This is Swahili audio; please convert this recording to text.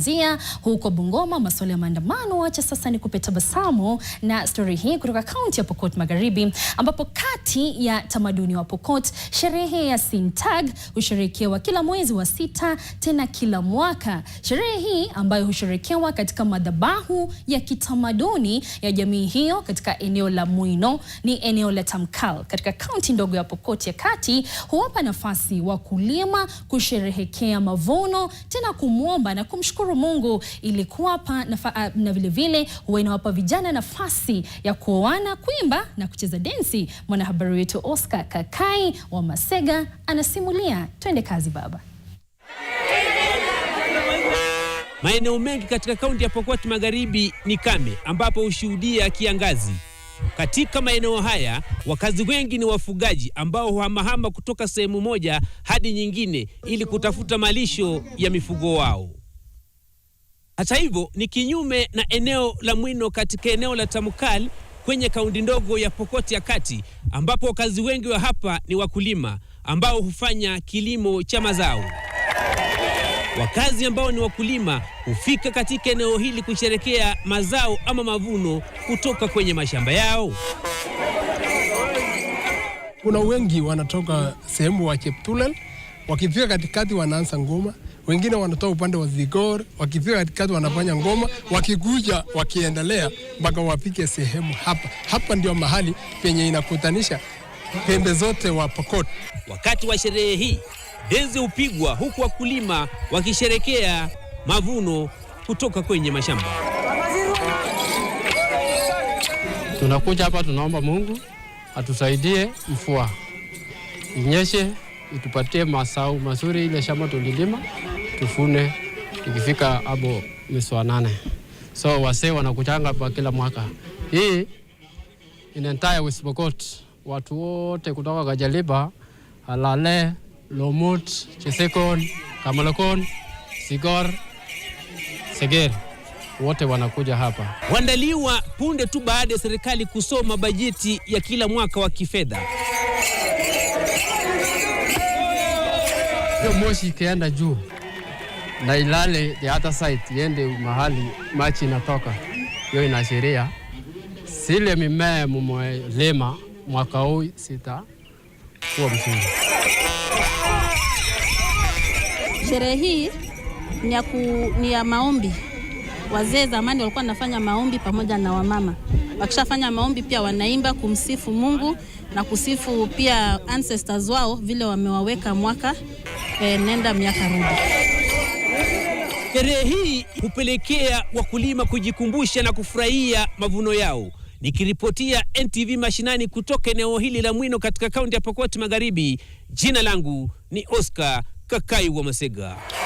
tunaanzia huko Bungoma, masuala ya maandamano. Wacha sasa kupe tabasamu na stori hii kutoka kaunti ya Pokot Magharibi, ambapo kati ya tamaduni wa Pokot, sherehe ya Sintag husherekewa kila mwezi wa sita, tena kila mwaka. Sherehe hii ambayo husherekewa katika madhabahu ya kitamaduni ya jamii hiyo katika eneo la mwino ni eneo la Tamkal katika kaunti ndogo ya Pokot ya kati, huwapa nafasi wakulima kusherehekea mavuno, tena kumwomba na kumshukuru kumshukuru Mungu ili kuwapa ah, na, na vilevile huwa inawapa vijana nafasi ya kuoana, kuimba na kucheza densi. Mwanahabari wetu Oscar Kakai wa Masega anasimulia. Twende kazi baba. Maeneo mengi katika kaunti ya Pokot Magharibi ni kame, ambapo hushuhudia kiangazi. Katika maeneo haya wakazi wengi ni wafugaji ambao huhamahama kutoka sehemu moja hadi nyingine ili kutafuta malisho ya mifugo wao. Hata hivyo ni kinyume na eneo la Mwino katika eneo la Tamukal kwenye kaunti ndogo ya Pokot ya Kati, ambapo wakazi wengi wa hapa ni wakulima ambao hufanya kilimo cha mazao. Wakazi ambao ni wakulima hufika katika eneo hili kusherekea mazao ama mavuno kutoka kwenye mashamba yao. Kuna wengi wanatoka sehemu wa Cheptulel, wakifika katikati wanaanza ngoma wengine wanatoa upande wa Zigor, wakifika katikati wanafanya ngoma, wakikuja wakiendelea mpaka wafike sehemu hapa. Hapa ndio mahali penye inakutanisha pembe zote wa Pokot. Wakati wa sherehe hii denzi hupigwa huku wakulima wakisherekea mavuno kutoka kwenye mashamba. Tunakuja hapa tunaomba Mungu atusaidie, mvua inyeshe, itupatie masao mazuri ile shamba tulilima. Kifunde, ikifika hapo miswa nane. So wasee wanakuchanga kwa kila mwaka hii in entire West Pokot, watu wote kutoka Gajaliba, Halale, Lomut, Chesekon, Kamalokon, Sigor, Seger wote wanakuja hapa. Waandaliwa punde tu baada ya serikali kusoma bajeti ya kila mwaka wa kifedha. Hiyo moshi ikienda juu na ilale the other side iende mahali machi inatoka, hiyo inaashiria sile mimea mumelima mwaka huu sita kuwa mzuri. Sherehe hii ni ya, ku, ni ya maombi. Wazee zamani walikuwa wanafanya maombi pamoja na wamama, wakishafanya maombi pia wanaimba kumsifu Mungu na kusifu pia ancestors wao vile wamewaweka mwaka e, nenda miaka rudi. Sherehe hii hupelekea wakulima kujikumbusha na kufurahia mavuno yao. Nikiripotia NTV mashinani kutoka eneo hili la Mwino katika kaunti ya Pokoti Magharibi, jina langu ni Oscar Kakai wa Masega.